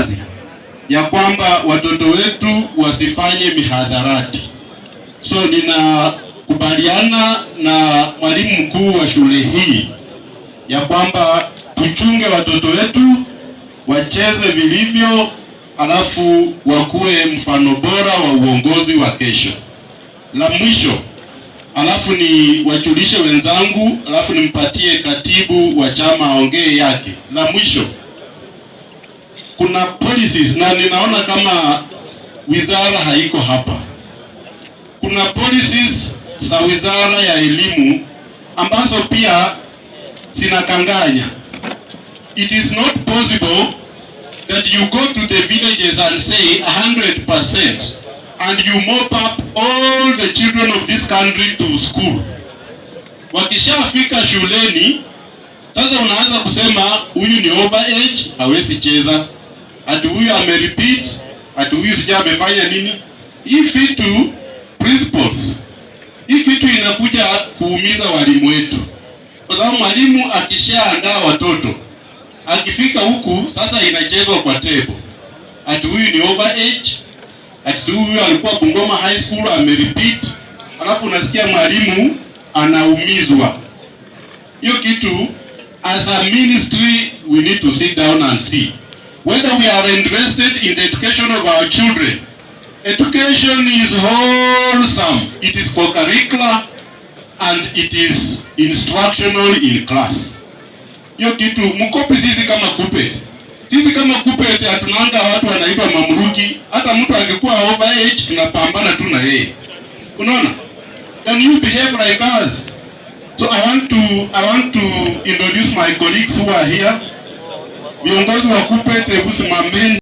wazi ya kwamba watoto wetu wasifanye mihadharati. So ninakubaliana na mwalimu mkuu wa shule hii ya kwamba tuchunge watoto wetu wacheze vilivyo, alafu wakuwe mfano bora wa uongozi wa kesho. La mwisho alafu ni wajulishe wenzangu, alafu nimpatie katibu wa chama aongee yake. La mwisho kuna policies, na ninaona kama wizara haiko hapa. Kuna policies za wizara ya elimu ambazo pia zinakanganya. It is not possible that you go to the villages and say 100% and you mop up all the children of this country to school. Wakishafika shuleni sasa unaanza kusema huyu ni overage, hawezi cheza ati huyu amerepeat, ati huyu sija amefanya nini. Hii vitu principles, hii kitu inakuja kuumiza walimu wetu, kwa sababu mwalimu akishaandaa watoto akifika huku sasa inachezwa kwa table, ati huyu ni overage, ati huyu alikuwa Bungoma High School amerepeat, alafu unasikia mwalimu anaumizwa. Hiyo kitu as a ministry we need to sit down and see whether we are interested in the education of our children. Education is wholesome. It is co-curricular and it is instructional in class. Hiyo kitu mkopi sisi kama kupet. Sisi kama KUPPET hatunanga watu wanaitwa mamruki. Hata mtu angekuwa age tunapambana tu na yeye. Unaona? Can you behave like us? So I want to I want to introduce my colleagues who are here viongozi wa KUPPET, hebu